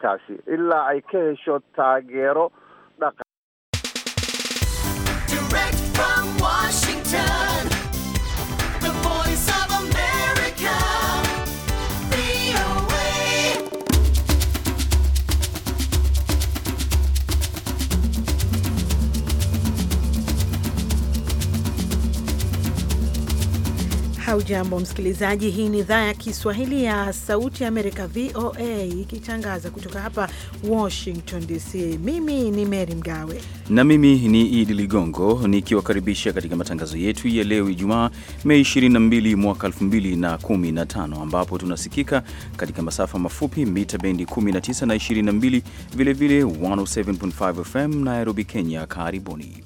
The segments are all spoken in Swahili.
arrintaasi ilaa ay ka hesho taageero dhaqan Haujambo msikilizaji, hii ni idhaa ya Kiswahili ya Sauti ya Amerika, VOA, ikitangaza kutoka hapa Washington DC. Mimi ni Mary Mgawe na mimi ni Idi Ligongo nikiwakaribisha katika matangazo yetu ya leo Ijumaa, Mei 22 mwaka 2015, ambapo tunasikika katika masafa mafupi mita bendi 19 na 22, vilevile 107.5 FM Nairobi, Kenya. Karibuni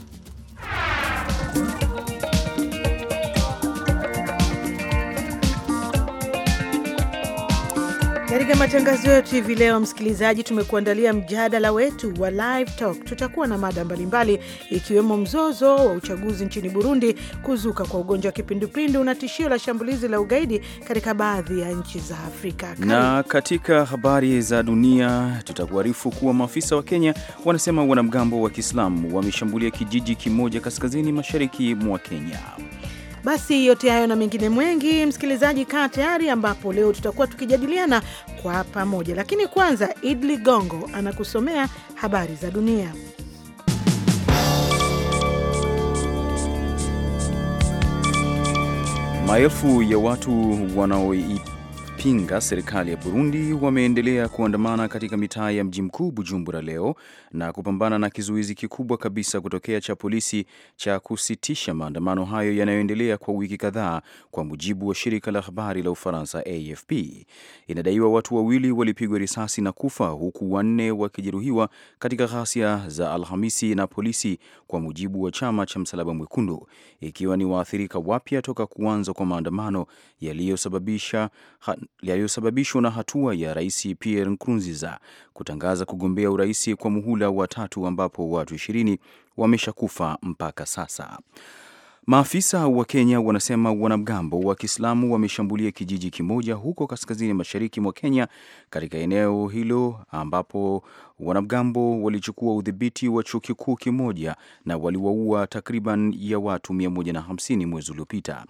Katika matangazo yetu hivi leo, msikilizaji, tumekuandalia mjadala wetu wa live talk. Tutakuwa na mada mbalimbali ikiwemo mzozo wa uchaguzi nchini Burundi, kuzuka kwa ugonjwa wa kipindupindu na tishio la shambulizi la ugaidi katika baadhi ya nchi za Afrika Kari. Na katika habari za dunia tutakuarifu kuwa maafisa wa Kenya wanasema wanamgambo wa Kiislamu wameshambulia kijiji kimoja kaskazini mashariki mwa Kenya. Basi yote hayo na mengine mwengi, msikilizaji, kaa tayari, ambapo leo tutakuwa tukijadiliana kwa pamoja. Lakini kwanza, Idli gongo anakusomea habari za dunia. Maelfu ya watu wanaoi wanaopinga serikali ya Burundi wameendelea kuandamana katika mitaa ya mji mkuu Bujumbura leo na kupambana na kizuizi kikubwa kabisa kutokea cha polisi cha kusitisha maandamano hayo yanayoendelea kwa wiki kadhaa. Kwa mujibu wa shirika la habari la Ufaransa AFP, inadaiwa watu wawili walipigwa risasi na kufa huku wanne wakijeruhiwa katika ghasia za Alhamisi na polisi, kwa mujibu wa chama cha Msalaba Mwekundu, ikiwa ni waathirika wapya toka kuanza kwa maandamano yaliyosababisha yaliyosababishwa na hatua ya Rais Pierre Nkurunziza kutangaza kugombea urais kwa muhula wa tatu ambapo watu ishirini wameshakufa mpaka sasa. Maafisa wa Kenya wanasema wanamgambo wa Kiislamu wameshambulia kijiji kimoja huko kaskazini mashariki mwa Kenya, katika eneo hilo ambapo wanamgambo walichukua udhibiti wa chuo kikuu kimoja na waliwaua takriban ya watu 150 mwezi uliopita.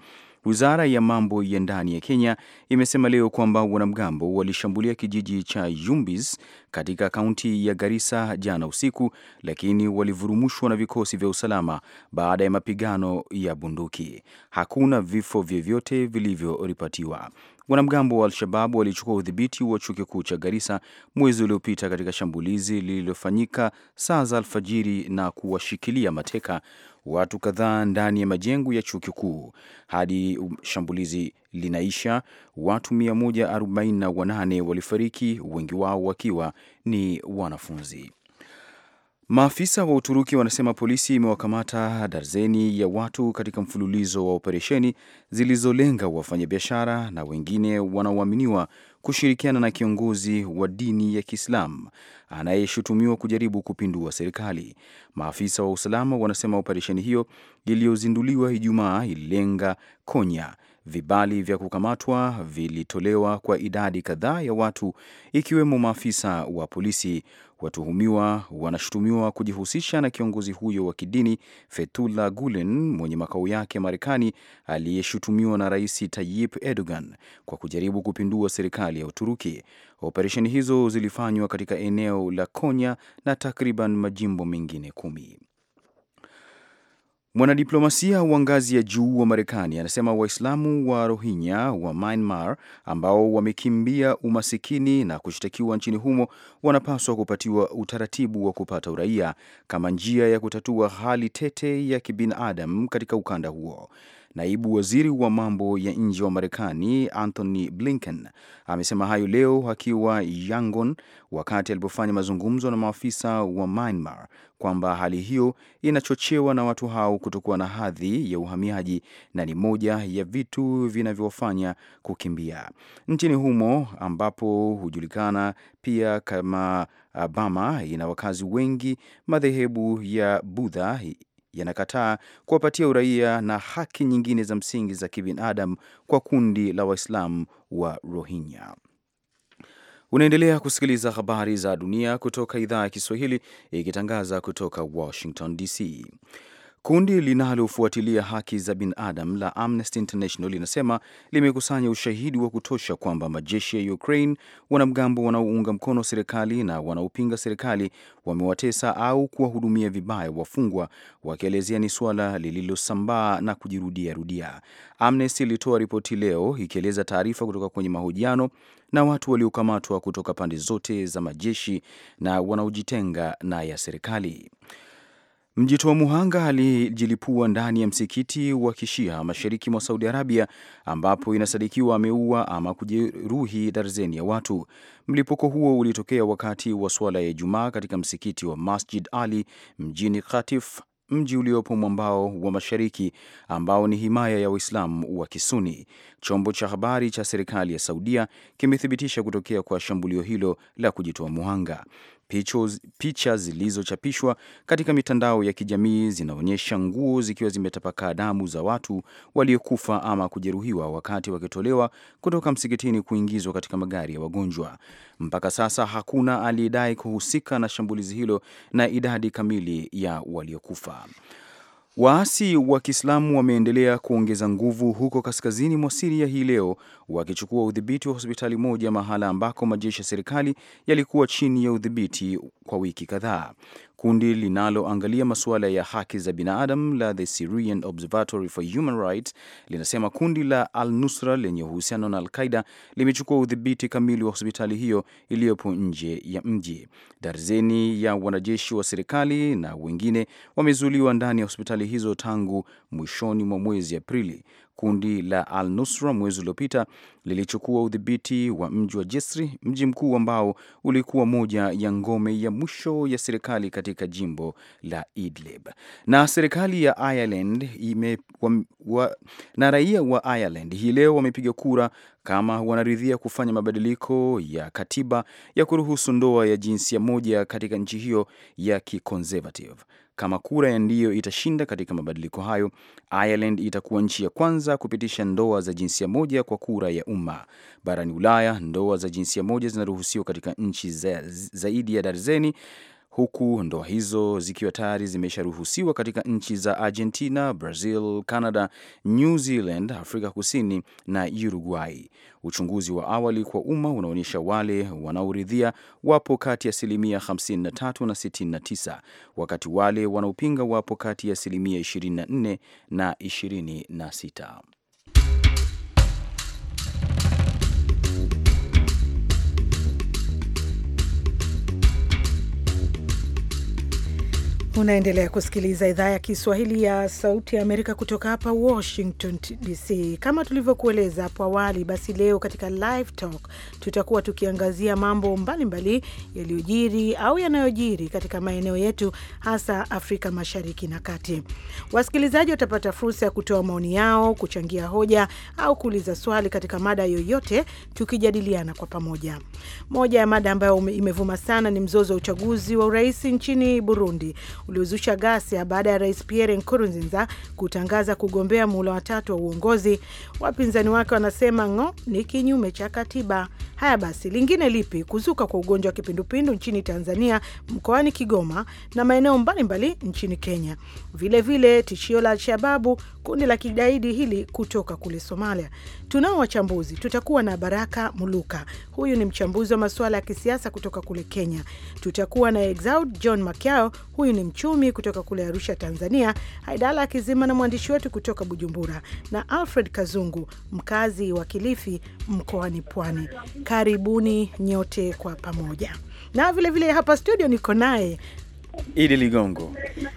Wizara ya mambo ya ndani ya Kenya imesema leo kwamba wanamgambo walishambulia kijiji cha Yumbis katika kaunti ya Garissa jana usiku, lakini walivurumushwa na vikosi vya usalama baada ya mapigano ya bunduki. Hakuna vifo vyovyote vilivyoripotiwa. Wanamgambo wa Al-Shabab walichukua udhibiti wa chuo kikuu cha Garissa mwezi uliopita katika shambulizi lililofanyika saa za alfajiri na kuwashikilia mateka watu kadhaa ndani ya majengo ya chuo kikuu. Hadi shambulizi linaisha, watu 148 walifariki, wengi wao wakiwa ni wanafunzi. Maafisa wa Uturuki wanasema polisi imewakamata darzeni ya watu katika mfululizo wa operesheni zilizolenga wafanyabiashara na wengine wanaoaminiwa kushirikiana na kiongozi wa dini ya Kiislamu anayeshutumiwa kujaribu kupindua serikali. Maafisa wa usalama wanasema operesheni hiyo iliyozinduliwa Ijumaa ililenga Konya Vibali vya kukamatwa vilitolewa kwa idadi kadhaa ya watu ikiwemo maafisa wa polisi. Watuhumiwa wanashutumiwa kujihusisha na kiongozi huyo wa kidini Fethullah Gulen mwenye makao yake Marekani, aliyeshutumiwa na Rais Tayyip Erdogan kwa kujaribu kupindua serikali ya Uturuki. Operesheni hizo zilifanywa katika eneo la Konya na takriban majimbo mengine kumi. Mwanadiplomasia wa ngazi ya juu wa Marekani anasema Waislamu wa Rohingya wa Myanmar ambao wamekimbia umasikini na kushtakiwa nchini humo wanapaswa kupatiwa utaratibu wa kupata uraia kama njia ya kutatua hali tete ya kibinadamu katika ukanda huo. Naibu waziri wa mambo ya nje wa Marekani Anthony Blinken amesema hayo leo akiwa Yangon wakati alipofanya mazungumzo na maafisa wa Myanmar kwamba hali hiyo inachochewa na watu hao kutokuwa na hadhi ya uhamiaji na ni moja ya vitu vinavyofanya kukimbia nchini humo, ambapo hujulikana pia kama Bama, ina wakazi wengi madhehebu ya Budha yanakataa kuwapatia uraia na haki nyingine za msingi za kibinadamu kwa kundi la Waislamu wa Rohingya. Unaendelea kusikiliza habari za dunia kutoka idhaa ya Kiswahili ikitangaza kutoka Washington DC. Kundi linalofuatilia haki za binadamu la Amnesty International linasema limekusanya ushahidi wa kutosha kwamba majeshi ya Ukraine, wanamgambo wanaounga mkono serikali na wanaopinga serikali wamewatesa au kuwahudumia vibaya wafungwa, wakielezea ni suala lililosambaa na kujirudia rudia. Amnesty ilitoa ripoti leo ikieleza taarifa kutoka kwenye mahojiano na watu waliokamatwa kutoka pande zote za majeshi na wanaojitenga na ya serikali. Mjitoa muhanga alijilipua ndani ya msikiti wa kishia mashariki mwa Saudi Arabia, ambapo inasadikiwa ameua ama kujeruhi darzeni ya watu. Mlipuko huo ulitokea wakati wa swala ya Ijumaa katika msikiti wa Masjid Ali mjini Khatif, mji uliopo mwambao wa mashariki ambao ni himaya ya Waislamu wa Kisuni. Chombo cha habari cha serikali ya Saudia kimethibitisha kutokea kwa shambulio hilo la kujitoa muhanga picha zilizochapishwa katika mitandao ya kijamii zinaonyesha nguo zikiwa zimetapakaa damu za watu waliokufa ama kujeruhiwa wakati wakitolewa kutoka msikitini kuingizwa katika magari ya wagonjwa. Mpaka sasa hakuna aliyedai kuhusika na shambulizi hilo na idadi kamili ya waliokufa. Waasi wa Kiislamu wameendelea kuongeza nguvu huko kaskazini mwa Siria hii leo, wakichukua udhibiti wa hospitali moja, mahala ambako majeshi ya serikali yalikuwa chini ya udhibiti kwa wiki kadhaa. Kundi linaloangalia masuala ya haki za binadamu la The Syrian Observatory for Human Rights linasema kundi la Al-Nusra lenye uhusiano na Al-Qaida limechukua udhibiti kamili wa hospitali hiyo iliyopo nje ya mji. Darzeni ya wanajeshi wa serikali na wengine wamezuliwa ndani ya hospitali hizo tangu mwishoni mwa mwezi Aprili. Kundi la Al Nusra mwezi uliopita lilichukua udhibiti wa mji wa Jisri, mji mkuu ambao ulikuwa moja ya ngome ya mwisho ya serikali katika jimbo la Idlib. Na serikali ya Ireland ime, wa, wa, na raia wa Ireland hii leo wamepiga kura kama wanaridhia kufanya mabadiliko ya katiba ya kuruhusu ndoa ya jinsia moja katika nchi hiyo ya kiconservative. Kama kura ya ndio itashinda katika mabadiliko hayo, Ireland itakuwa nchi ya kwanza kupitisha ndoa za jinsia moja kwa kura ya umma. Barani Ulaya, ndoa za jinsia moja zinaruhusiwa katika nchi zaidi ya darzeni huku ndoa hizo zikiwa tayari zimesharuhusiwa katika nchi za Argentina, Brazil, Canada, New Zealand, Afrika Kusini na Uruguay. Uchunguzi wa awali kwa umma unaonyesha wale wanaoridhia wapo kati ya asilimia 53 na 69, wakati wale wanaopinga wapo kati ya asilimia 24 na 26. Unaendelea kusikiliza idhaa ya Kiswahili ya Sauti ya Amerika kutoka hapa Washington DC. Kama tulivyokueleza hapo awali, basi leo katika Live Talk tutakuwa tukiangazia mambo mbalimbali yaliyojiri au yanayojiri katika maeneo yetu, hasa Afrika Mashariki na Kati. Wasikilizaji watapata fursa ya kutoa maoni yao, kuchangia hoja au kuuliza swali katika mada yoyote, tukijadiliana kwa pamoja. Moja ya mada ambayo imevuma sana ni mzozo wa uchaguzi wa urais nchini Burundi uliozusha ghasia baada ya rais Pierre Nkurunziza kutangaza kugombea muhula watatu wa uongozi. Wapinzani wake wanasema ng'o ni kinyume cha katiba. Haya basi, lingine lipi? Kuzuka kwa ugonjwa wa kipindupindu nchini Tanzania, mkoani Kigoma na maeneo mbalimbali nchini Kenya, vilevile vile tishio la Alshababu, kundi la kigaidi hili kutoka kule Somalia. Tunao wachambuzi, tutakuwa na Baraka Muluka, huyu ni mchambuzi wa masuala ya kisiasa kutoka kule Kenya. Tutakuwa na Exaud John Makyao, huyu ni mchumi kutoka kule Arusha, Tanzania. Haidala Akizima na mwandishi wetu kutoka Bujumbura, na Alfred Kazungu, mkazi wa Kilifi mkoani Pwani. Karibuni nyote kwa pamoja, na vilevile vile hapa studio niko naye Idi Ligongo.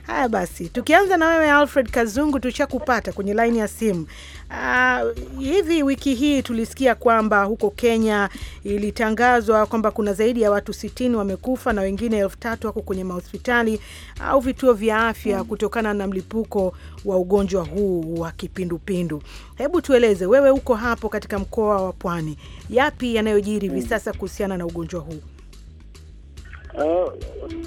Haya basi, tukianza na wewe Alfred Kazungu, tushakupata kwenye laini ya simu. Uh, hivi wiki hii tulisikia kwamba huko Kenya ilitangazwa kwamba kuna zaidi ya watu sitini wamekufa na wengine elfu tatu wako kwenye mahospitali au vituo vya afya hmm. kutokana na mlipuko wa ugonjwa huu wa kipindupindu. Hebu tueleze wewe, uko hapo katika mkoa wa Pwani, yapi yanayojiri hivi hmm. sasa kuhusiana na ugonjwa huu? Eh,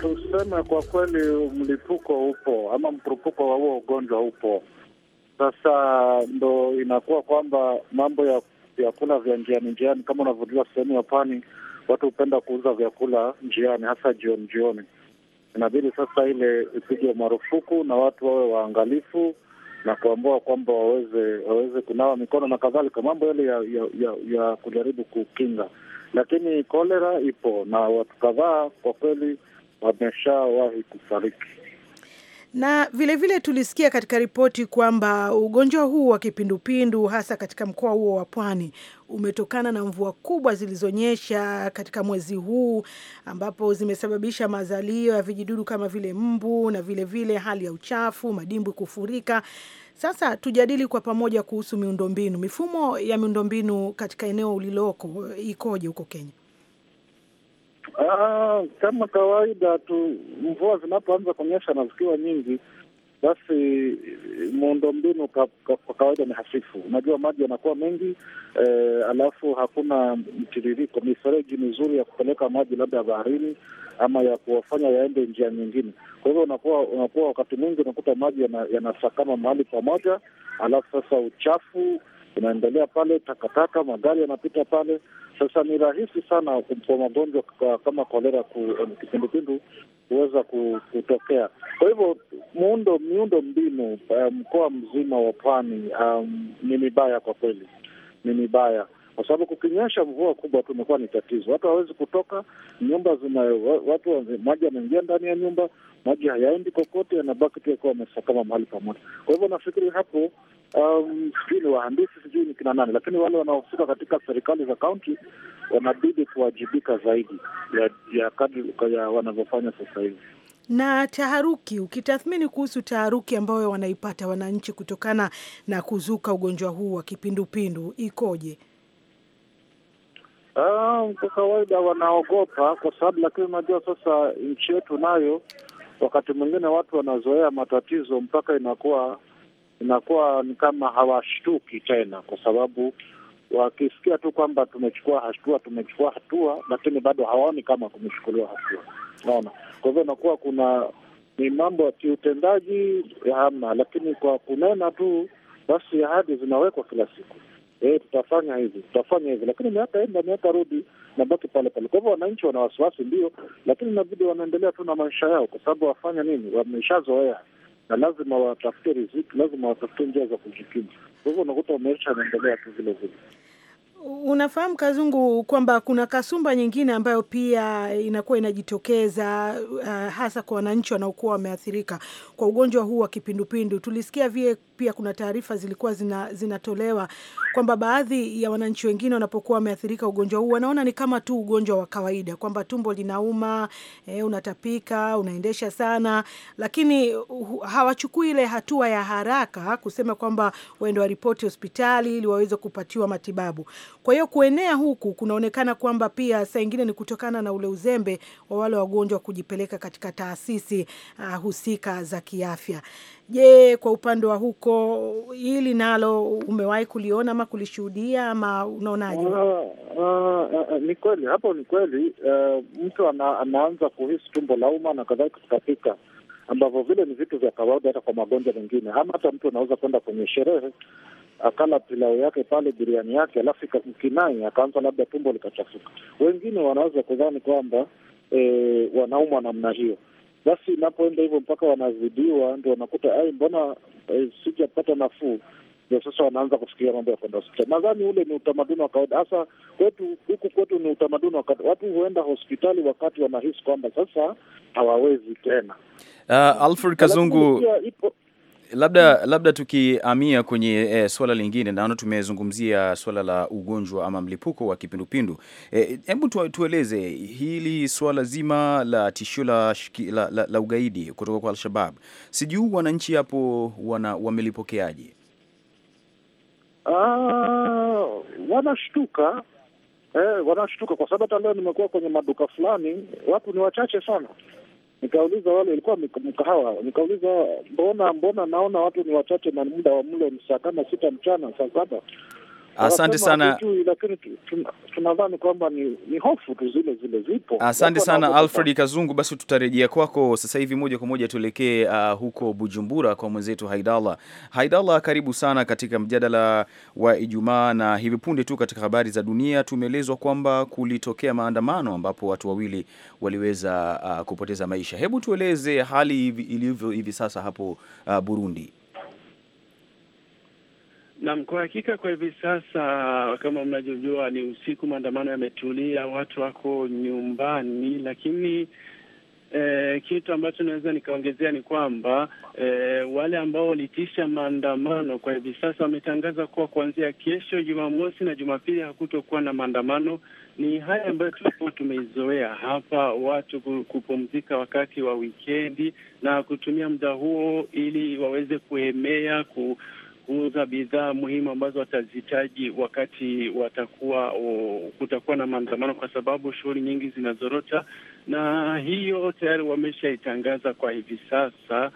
tuseme kwa kweli mlipuko upo ama mkurupuko wa huo ugonjwa upo. Sasa ndo inakuwa kwamba mambo ya vyakula vya njiani njiani, kama unavyojua, sehemu ya pwani watu hupenda kuuza vyakula njiani, hasa jioni jioni. Inabidi sasa ile ipigwe marufuku na watu wawe waangalifu na kuambua kwamba waweze waweze kunawa mikono na kadhalika, mambo yale ya, ya, ya, ya kujaribu kukinga lakini kolera ipo na watu kadhaa kwa kweli wameshawahi kufariki. Na vilevile vile tulisikia katika ripoti kwamba ugonjwa huu wa kipindupindu hasa katika mkoa huo wa Pwani umetokana na mvua kubwa zilizonyesha katika mwezi huu ambapo zimesababisha mazalio ya vijidudu kama vile mbu na vilevile vile hali ya uchafu, madimbwi kufurika. Sasa tujadili kwa pamoja kuhusu miundombinu, mifumo ya miundombinu katika eneo uliloko ikoje huko Kenya? Aa, ah, kama kawaida tu mvua zinapoanza kuonyesha na zikiwa nyingi, basi miundombinu kwa ka, ka, kawaida ni hafifu. Unajua maji yanakuwa mengi e, alafu hakuna mtiririko, mifereji mizuri ya kupeleka maji labda baharini ama ya kuwafanya waende njia nyingine. Kwa hivyo unakuwa unakuwa wakati mwingi unakuta maji yanasakama yana mahali pamoja, alafu sasa uchafu unaendelea pale, takataka, magari yanapita pale. Sasa ni rahisi sana kwa magonjwa kama kolera, um, kipindupindu kuweza kutokea. Kwa hivyo muundo miundo mbinu um, mkoa um, mzima wa pwani um, ni mibaya kwa kweli, ni mibaya kwa sababu kukinyesha mvua kubwa tumekuwa ni tatizo, watu hawawezi kutoka nyumba zina watu, maji yanaingia ndani ya nyumba, maji hayaendi kokote, yanabaki tu yakiwa wamesakama mahali pamoja. Kwa hivyo nafikiri hapo Um, sijui ni wahandisi sijui ni kina nani, lakini wale wanaohusika katika serikali za kaunti wanabidi kuwajibika zaidi ya, ya kadri ya wanavyofanya sasa hivi. Na taharuki, ukitathmini kuhusu taharuki ambayo wanaipata wananchi kutokana na kuzuka ugonjwa huu wa kipindupindu ikoje? Uh, kwa kawaida wanaogopa kwa sababu, lakini unajua sasa nchi yetu nayo wakati mwingine watu wanazoea matatizo mpaka inakuwa inakuwa ni kama hawashtuki tena, kwa sababu wakisikia tu kwamba tumechukua hatua tumechukua hatua, lakini bado hawaoni kama kumechukuliwa hatua. Naona kwa hivyo inakuwa kuna ni mambo ya kiutendaji hamna, lakini kwa kunena tu basi ahadi zinawekwa kila siku eh, tutafanya hivi tutafanya hivi, lakini miaka enda miaka rudi nabaki pale pale. Kwa hivyo wananchi wana wasiwasi ndio, lakini inabidi wanaendelea tu na maisha yao, kwa sababu wafanya nini, wameshazoea na lazima watafute riziki, lazima watafute njia za kujikimu. Kwa hivyo unakuta maisha yanaendelea tu vile vile. Unafahamu Kazungu, kwamba kuna kasumba nyingine ambayo pia inakuwa inajitokeza uh, hasa kwa wananchi wanaokuwa wameathirika kwa ugonjwa huu wa kipindupindu. Tulisikia vile pia kuna taarifa zilikuwa zina, zinatolewa kwamba baadhi ya wananchi wengine wanapokuwa wameathirika ugonjwa huu wanaona ni kama tu ugonjwa wa kawaida kwamba tumbo linauma, e, unatapika, unaendesha sana, lakini hawachukui ile hatua ya haraka kusema kwamba waende waripoti hospitali ili waweze kupatiwa matibabu. Kwa hiyo kuenea huku kunaonekana kwamba pia saa ingine ni kutokana na ule uzembe wa wale wagonjwa kujipeleka katika taasisi uh, husika za kiafya. Je, kwa upande wa huko hili nalo umewahi kuliona ama kulishuhudia ama unaonaje? Uh, ah, uh, ah, ah, ni kweli hapo, ni kweli uh, mtu ana, anaanza kuhisi tumbo la uma na kadhalika kutapika ambavyo vile ni vitu vya kawaida hata kwa magonjwa mengine, ama hata mtu anaweza kwenda kwenye sherehe akala pilau yake pale, biriani yake, alafu ikamkinai akaanza labda tumbo likachafuka. Wengine wanaweza kudhani kwamba e, wanaumwa namna hiyo basi inapoenda hivyo mpaka wanazidiwa, ndo wanakuta ai, mbona eh, sijapata nafuu ndio sasa wanaanza kufikiria mambo ya kwenda hospitali. Nadhani ule ni utamaduni wa kawaida, hasa kwetu huku kwetu ni utamaduni wa kawaida. Watu huenda hospitali wakati wanahisi kwamba sasa hawawezi tena. Uh, Alfred Kazungu, ipo labda mm. labda tukiamia kwenye e, swala lingine, naona tumezungumzia swala la ugonjwa ama mlipuko wa kipindupindu. Eh, hebu e, tueleze hili swala zima la tishio la, la, la, la ugaidi kutoka kwa Al-Shabab, sijui wananchi hapo wana, wamelipokeaje? Ah, wanashtuka eh, wanashtuka kwa sababu hata leo nimekuwa kwenye maduka fulani, watu ni wachache sana nikauliza wale, ilikuwa mkahawa, nikauliza mbona mbona naona watu ni wachache na muda wa mlo ni saa kama sita mchana, saa saba Asante sana, tunadhani kwamba ni, ni hofu tu zile zile zipo. Asante sana Alfred Kazungu, basi tutarejea kwako sasa hivi moja kwa moja tuelekee uh, huko Bujumbura kwa mwenzetu Haidallah. Haidallah, karibu sana katika mjadala wa Ijumaa, na hivi punde tu katika habari za dunia tumeelezwa kwamba kulitokea maandamano ambapo watu wawili waliweza uh, kupoteza maisha. Hebu tueleze hali ilivyo hivi sasa hapo uh, Burundi. Naam, kwa hakika kwa hivi sasa kama mnavyojua ni usiku, maandamano yametulia, watu wako nyumbani, lakini eh, kitu ambacho naweza nikaongezea ni kwamba eh, wale ambao walitisha maandamano kwa hivi sasa wametangaza kuwa kuanzia kesho Jumamosi na Jumapili hakutokuwa na maandamano. Ni hali ambayo tulikuwa tumeizoea hapa, watu kupumzika wakati wa wikendi na kutumia muda huo ili waweze kuemea ku kuuza bidhaa muhimu ambazo watazihitaji wakati watakuwa o, kutakuwa na maandamano, kwa sababu shughuli nyingi zinazorota, na hiyo tayari wameshaitangaza kwa hivi sasa.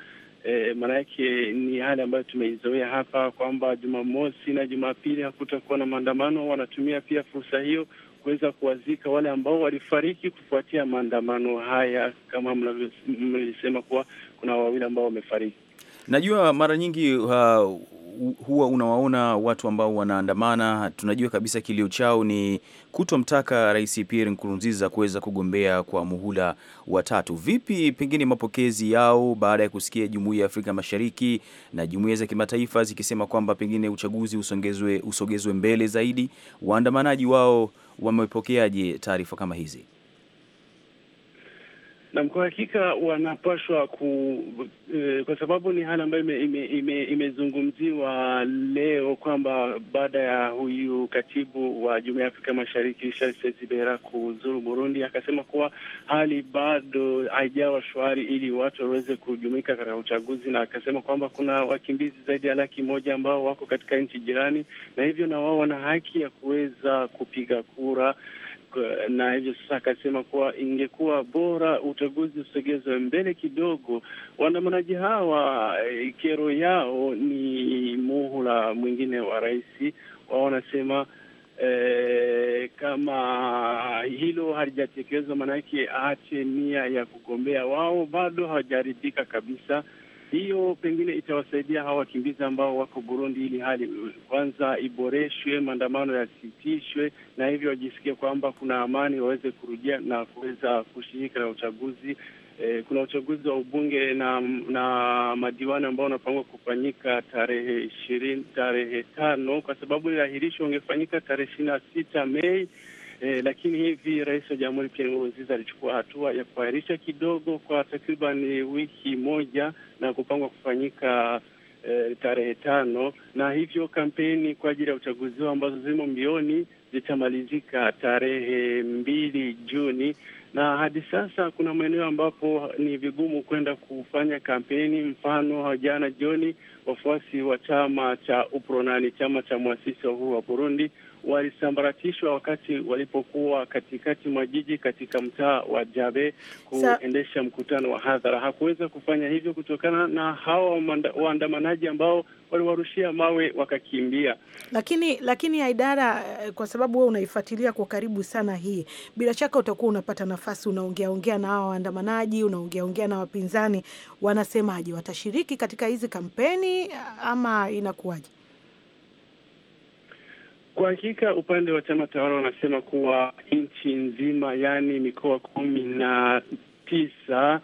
E, maana yake ni hali ambayo tumeizoea hapa kwamba Jumamosi na Jumapili hakutakuwa na maandamano. Wanatumia pia fursa hiyo kuweza kuwazika wale ambao walifariki kufuatia maandamano haya, kama mlisema kuwa kuna wawili ambao wamefariki. Najua mara nyingi uh, huwa unawaona watu ambao wanaandamana, tunajua kabisa kilio chao ni kutomtaka Rais Pierre Nkurunziza kuweza kugombea kwa muhula wa tatu. Vipi pengine mapokezi yao baada ya kusikia Jumuiya ya Afrika Mashariki na jumuiya za kimataifa zikisema kwamba pengine uchaguzi usongezwe, usogezwe mbele zaidi, waandamanaji wao wamepokeaje taarifa kama hizi? Nam, kwa hakika wanapashwa ku e, kwa sababu ni hali ambayo imezungumziwa ime, ime leo kwamba baada ya huyu katibu wa Jumuiya ya Afrika Mashariki Richard Sezibera kuzuru Burundi, akasema kuwa hali bado haijawa shwari ili watu waweze kujumuika katika uchaguzi, na akasema kwamba kuna wakimbizi zaidi ya laki moja ambao wako katika nchi jirani, na hivyo na wao wana haki ya kuweza kupiga kura Eh, na hivyo sasa akasema kuwa ingekuwa bora uchaguzi usogezwe mbele kidogo. Waandamanaji hawa eh, kero yao ni muhula mwingine wa rais wao, wanasema E, kama hilo halijatekelezwa, maanake aache nia ya kugombea. Wao bado hawajaridhika kabisa hiyo pengine itawasaidia hawa wakimbizi ambao wako Burundi, ili hali kwanza iboreshwe, maandamano yasitishwe, na hivyo wajisikie kwamba kuna amani, waweze kurudia na kuweza kushiriki na uchaguzi. Eh, kuna uchaguzi wa ubunge na na madiwani ambao unapangwa kufanyika tarehe ishirini tarehe tano kwa sababu ile wangefanyika ungefanyika tarehe ishirini na sita Mei E, lakini hivi rais wa jamhuri Pierre Nkurunziza alichukua hatua ya kuahirisha kidogo kwa takriban wiki moja na kupangwa kufanyika e, tarehe tano, na hivyo kampeni kwa ajili ya uchaguzi huo ambazo zimo mbioni zitamalizika tarehe mbili Juni na hadi sasa kuna maeneo ambapo ni vigumu kwenda kufanya kampeni. Mfano, jana jioni wafuasi wa chama cha UPRONANI, chama cha mwasisi wa uhuru wa Burundi, walisambaratishwa wakati walipokuwa katikati mwa jiji katika mtaa wa Jabe kuendesha mkutano wa hadhara. Hakuweza kufanya hivyo kutokana na hawa waandamanaji ambao waliwarushia mawe wakakimbia. Lakini lakini idara eh, kwa sababu wewe unaifuatilia kwa karibu sana hii, bila shaka utakuwa unapata nafasi, unaongea ongea na hawa waandamanaji, unaongea ongea na wapinzani, wanasemaje? Watashiriki katika hizi kampeni ama inakuwaje? Kwa hakika upande wa chama tawala wanasema kuwa nchi nzima, yaani mikoa kumi na tisa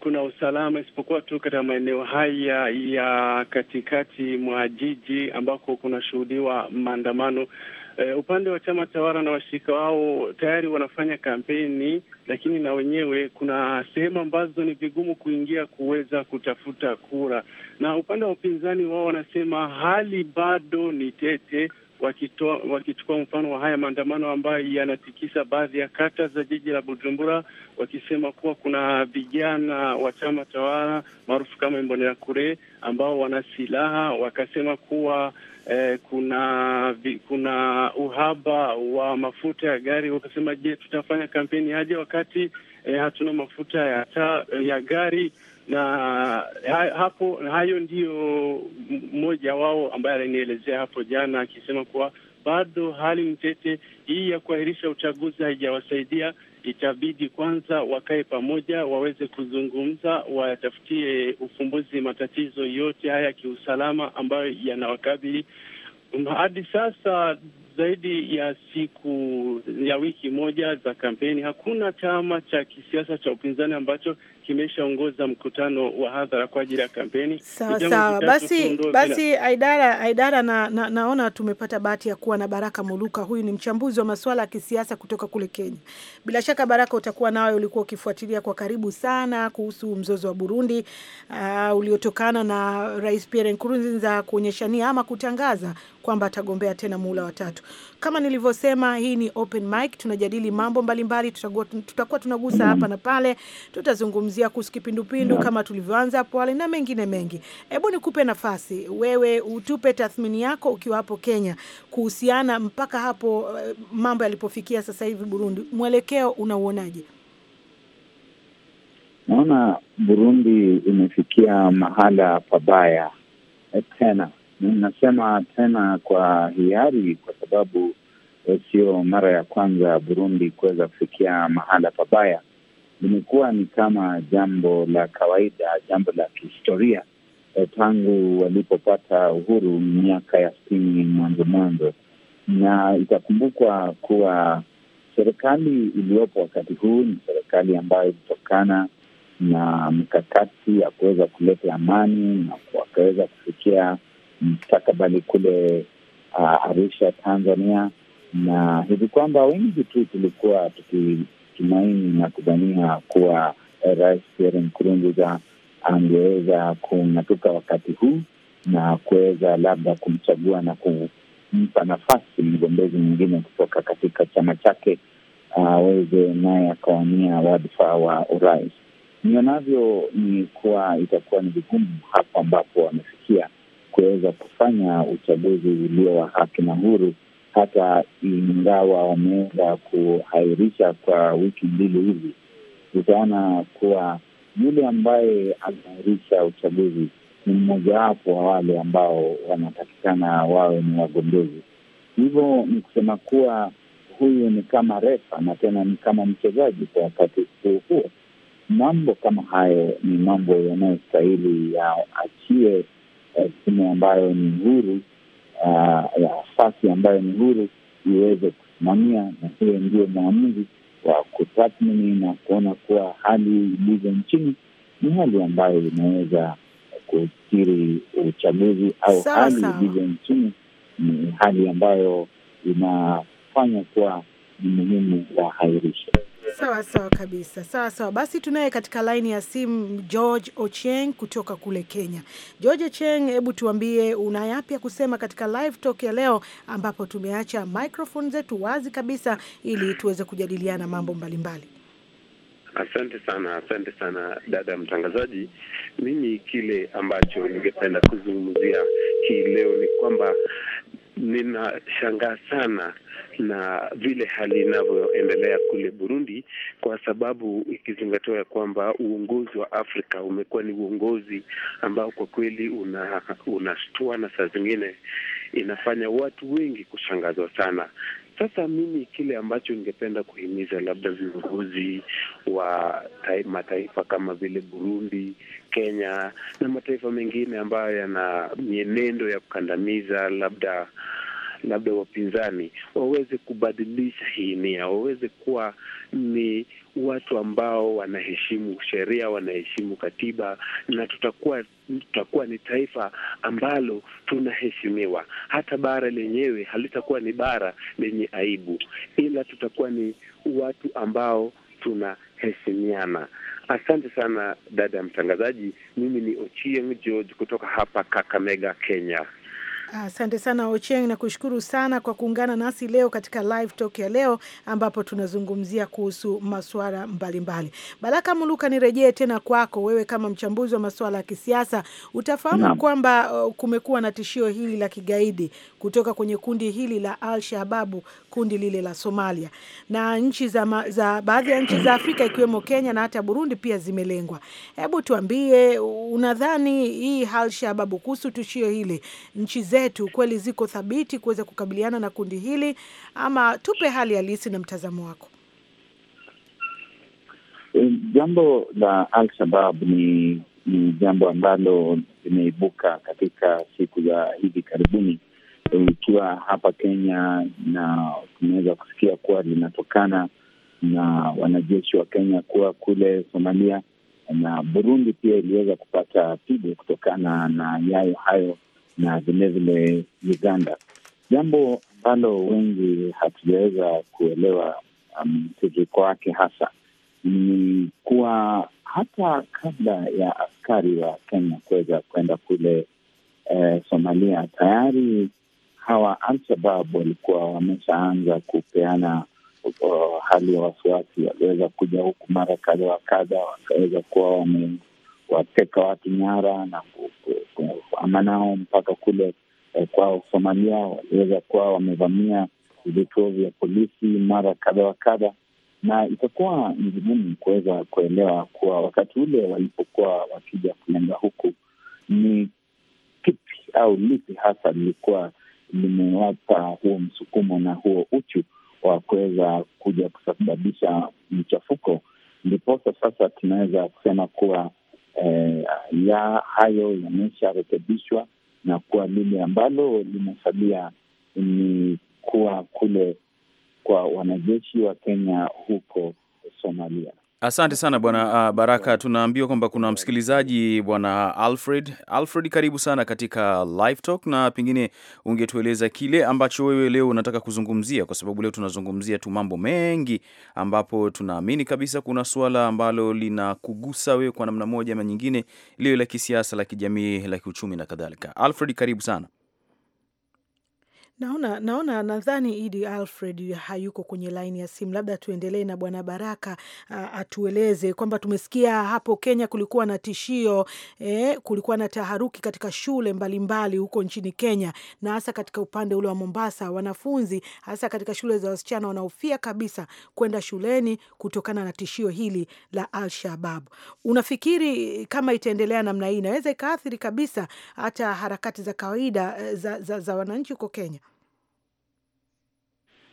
kuna usalama isipokuwa tu katika maeneo haya ya katikati mwa jiji ambako kunashuhudiwa maandamano. Uh, upande wa chama tawala na washirika wao tayari wanafanya kampeni, lakini na wenyewe kuna sehemu ambazo ni vigumu kuingia kuweza kutafuta kura, na upande wa upinzani wao wanasema hali bado ni tete, wakitoa, wakichukua mfano wa haya maandamano ambayo yanatikisa baadhi ya kata za jiji la Bujumbura, wakisema kuwa kuna vijana wa chama tawala maarufu kama Imbonerakure ambao wana silaha, wakasema kuwa Eh, kuna kuna uhaba wa mafuta ya gari. Wakasema, je, tutafanya kampeni aje wakati eh, hatuna mafuta ya, ta, ya gari? na ha, hapo hayo ndiyo mmoja wao ambaye alinielezea hapo jana akisema kuwa bado hali mtete hii ya kuahirisha uchaguzi haijawasaidia. Itabidi kwanza wakae pamoja, waweze kuzungumza, watafutie ufumbuzi matatizo yote haya ya kiusalama ambayo yanawakabili hadi sasa. Zaidi ya siku ya wiki moja za kampeni, hakuna chama cha kisiasa cha upinzani ambacho kimeshaongoza mkutano wa hadhara kwa ajili ya kampeni. Sawa sawa, basi basi, Aidara Aidara na, na, naona tumepata bahati ya kuwa na Baraka Muluka. Huyu ni mchambuzi wa masuala ya kisiasa kutoka kule Kenya. Bila shaka, Baraka, utakuwa nawe, ulikuwa ukifuatilia kwa karibu sana kuhusu mzozo wa Burundi uh, uliotokana na Rais Pierre Nkurunziza nia ama kutangaza kwamba atagombea tena muhula watatu. Kama nilivyosema, hii ni open mic, tunajadili mambo mbalimbali, tutakuwa tunagusa hapa na pale, tutazungumzia kuhusu kipindupindu kama tulivyoanza hapo wale na mengine mengi. Hebu nikupe nafasi wewe, utupe tathmini yako ukiwa hapo Kenya kuhusiana mpaka hapo eh, mambo yalipofikia sasa hivi Burundi, mwelekeo unauonaje? Naona Burundi imefikia mahala pabaya eh, tena Nasema tena kwa hiari kwa sababu eh, sio mara ya kwanza Burundi kuweza kufikia mahala pabaya. Limekuwa ni kama jambo la kawaida, jambo la kihistoria eh, tangu walipopata uhuru miaka ya sitini mwanzo mwanzo, na itakumbukwa kuwa serikali iliyopo wakati huu ni serikali ambayo ilitokana na mkakati ya kuweza kuleta amani na wakaweza kufikia mstakabali kule uh, Arusha, Tanzania, na hivi kwamba wengi tu tulikuwa tukitumaini na kudhania kuwa eh, Rais Pierre Nkurunziza angeweza kung'atuka wakati huu na kuweza labda kumchagua na kumpa nafasi mgombezi mwingine kutoka katika chama chake uh, aweze uh, naye akawania wadfa wa urais. Nionavyo ni kuwa itakuwa ni vigumu hapo ambapo wamefikia kuweza kufanya uchaguzi ulio wa haki na huru, hata ingawa wameweza kuhairisha kwa wiki mbili hivi. Utaona kuwa yule ambaye amehairisha uchaguzi ni mmojawapo wa wale ambao wanatakikana wawe ni wagombezi. Hivyo ni kusema kuwa huyu ni kama refa na tena ni kama mchezaji kwa wakati huo huo. Mambo kama hayo ni mambo yanayostahili yaachie Eh, tume ambayo ni huru uh, ah, asasi ambayo ni huru iweze kusimamia na hiyo ndio mwamuzi wa kutathmini na kuona kuwa hali ilivyo nchini ni hali ambayo inaweza kukiri uchaguzi au sawa, hali ilivyo nchini ni hali ambayo inafanya kuwa ni muhimu hairisha Sawa sawa kabisa, sawa sawa. Basi tunaye katika laini ya simu George Ocheng kutoka kule Kenya. George Ocheng, hebu tuambie una yapi ya kusema katika live talk ya leo, ambapo tumeacha microphone zetu wazi kabisa ili tuweze kujadiliana mambo mbalimbali mbali. Asante sana, asante sana dada mtangazaji. Mimi kile ambacho ningependa kuzungumzia hii leo ni kwamba ninashangaa sana na vile hali inavyoendelea kule Burundi, kwa sababu ikizingatiwa ya kwamba uongozi wa Afrika umekuwa ni uongozi ambao kwa kweli una unashtua na saa zingine inafanya watu wengi kushangazwa sana. Sasa mimi kile ambacho ningependa kuhimiza labda viongozi wa mataifa kama vile Burundi, Kenya na mataifa mengine ambayo yana mienendo ya kukandamiza labda labda wapinzani waweze kubadilisha hii nia, waweze kuwa ni watu ambao wanaheshimu sheria, wanaheshimu katiba, na tutakuwa tutakuwa ni taifa ambalo tunaheshimiwa. Hata bara lenyewe halitakuwa ni bara lenye aibu, ila tutakuwa ni watu ambao tunaheshimiana. Asante sana dada ya mtangazaji. Mimi ni Ochieng George kutoka hapa Kakamega, Kenya. Asante sana ocheng na kushukuru sana kwa kuungana nasi leo katika live talk ya leo, ambapo tunazungumzia kuhusu masuala mbalimbali. Baraka Muluka, nirejee tena kwako wewe, kama mchambuzi wa masuala ya kisiasa, utafahamu kwamba uh, kumekuwa na tishio hili la kigaidi kutoka kwenye kundi hili la Al Shababu, kundi lile la Somalia, na nchi za, za baadhi ya nchi za Afrika ikiwemo Kenya na hata Burundi pia zimelengwa. Hebu tuambie, unadhani hii Al Shababu kuhusu tishio hili nchi zetu zetu kweli ziko thabiti kuweza kukabiliana na kundi hili, ama tupe hali halisi na mtazamo wako. Eh, jambo la Al-Shabab ni, ni jambo ambalo limeibuka katika siku za hivi karibuni eh, ikiwa hapa Kenya, na tumeweza kusikia kuwa linatokana na wanajeshi wa Kenya kuwa kule Somalia na Burundi pia iliweza kupata pigo kutokana na yayo hayo na vilevile Uganda, jambo ambalo wengi hatujaweza kuelewa um, mtiririko um, wake hasa ni kuwa hata kabla ya askari wa Kenya kuweza kuenda kule eh, Somalia, tayari hawa alshabab walikuwa wameshaanza kupeana uh, hali ya wasiwasi. Waliweza kuja huku mara kadha wa kadha, wakaweza kuwa wamewateka watu nyara na amanao mpaka kule eh, kwao Somalia. Waliweza kuwa wamevamia vituo vya polisi mara kadha wa kadha, na itakuwa ni vigumu kuweza kuelewa kuwa wakati ule walipokuwa wakija kulenga huku ni kipi au lipi hasa lilikuwa limewapa huo msukumo na huo uchu wa kuweza kuja kusababisha mchafuko. Ndiposa sasa tunaweza kusema kuwa eh, ya hayo yamesharekebishwa na kuwa lile ambalo limesalia ni kuwa kule kwa wanajeshi wa Kenya huko Somalia. Asante sana bwana uh, Baraka. Tunaambiwa kwamba kuna msikilizaji bwana Alfred. Alfred, karibu sana katika Live Talk, na pengine ungetueleza kile ambacho wewe leo unataka kuzungumzia, kwa sababu leo tunazungumzia tu mambo mengi, ambapo tunaamini kabisa kuna suala ambalo linakugusa wewe kwa namna moja ama nyingine, leo la kisiasa, la kijamii, la kiuchumi na kadhalika. Alfred, karibu sana. Naona naona nadhani Idi Alfred hayuko kwenye laini ya simu, labda tuendelee na Bwana Baraka atueleze kwamba tumesikia hapo Kenya kulikuwa na tishio eh, kulikuwa na taharuki katika shule mbalimbali mbali huko nchini Kenya, na hasa katika upande ule wa Mombasa, wanafunzi hasa katika shule za wasichana wanaofia kabisa kwenda shuleni kutokana na tishio hili la al Unafikiri kama itaendelea namna hii inaweza ikaathiri kabisa hata harakati za kawaida eh, za, za, za wananchi huko Kenya?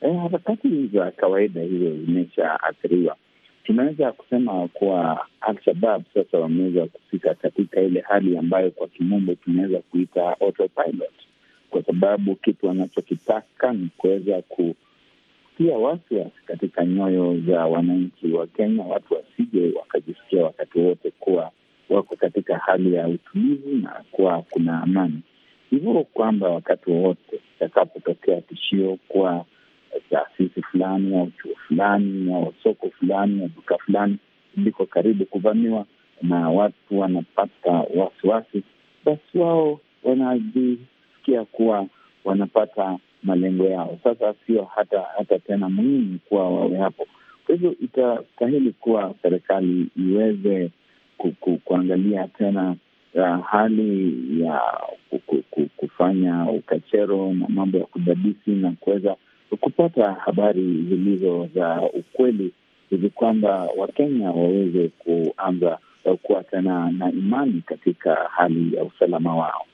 harakati eh, e, za kawaida hizo zimeshaathiriwa. Tunaweza kusema kuwa Alshabab sasa wameweza kufika katika ile hali ambayo kwa kimombo tunaweza kuita autopilot, kwa sababu kitu wanachokitaka ni kuweza kutia wasiwasi katika nyoyo za wananchi wa Kenya, watu wasije wakajisikia wakati wote kuwa wako katika hali ya utulivu na kuwa kuna amani, hivyo kwamba wakati wowote itakapotokea tishio kwa taasisi fulani au chuo fulani au soko fulani au duka fulani liko karibu kuvamiwa na watu wanapata wasiwasi, basi wao wanajisikia kuwa wanapata malengo yao. Sasa sio hata hata tena muhimu kuwa wawe hapo. Kwa hivyo itastahili kuwa serikali iweze kuku, kuangalia tena uh, hali ya kuku, kufanya ukachero na mambo ya kudadisi na kuweza kupata habari zilizo za ukweli ili kwamba Wakenya waweze kuanza tena na imani katika hali ya usalama wao.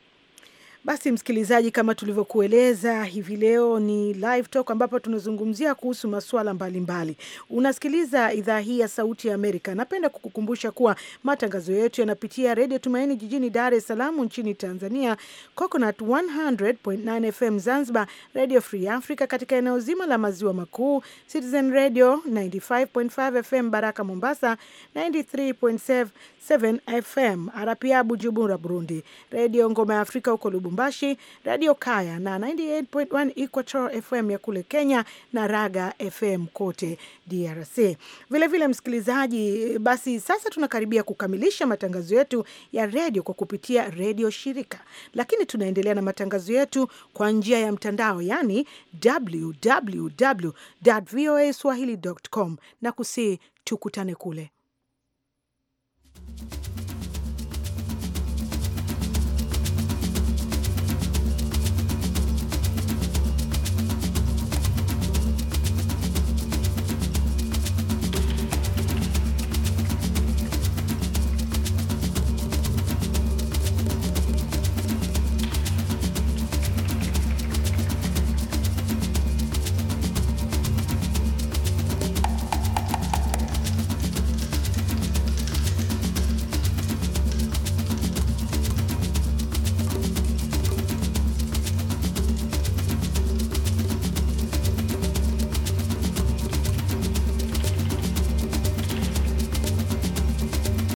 Basi msikilizaji, kama tulivyokueleza hivi leo ni live talk, ambapo tunazungumzia kuhusu masuala mbalimbali. Unasikiliza idhaa hii ya Sauti ya Amerika. Napenda kukukumbusha kuwa matangazo yetu yanapitia Redio Tumaini jijini Dar es Salaam nchini Tanzania, Coconut 100.9 FM Zanzibar, Redio Free Africa katika eneo zima la maziwa makuu, Citizen Radio 95.5 FM Baraka Mombasa, 93.7 FM, RPA Bujumbura Burundi, Redio Ngoma ya Afrika huko Lubumbashi, Radio Kaya na 98.1 Equator FM ya kule Kenya na Raga FM kote DRC. Vilevile vile, msikilizaji, basi sasa tunakaribia kukamilisha matangazo yetu ya redio kwa kupitia redio shirika, lakini tunaendelea na matangazo yetu kwa njia ya mtandao, yani www.voaswahili.com na kusi tukutane kule.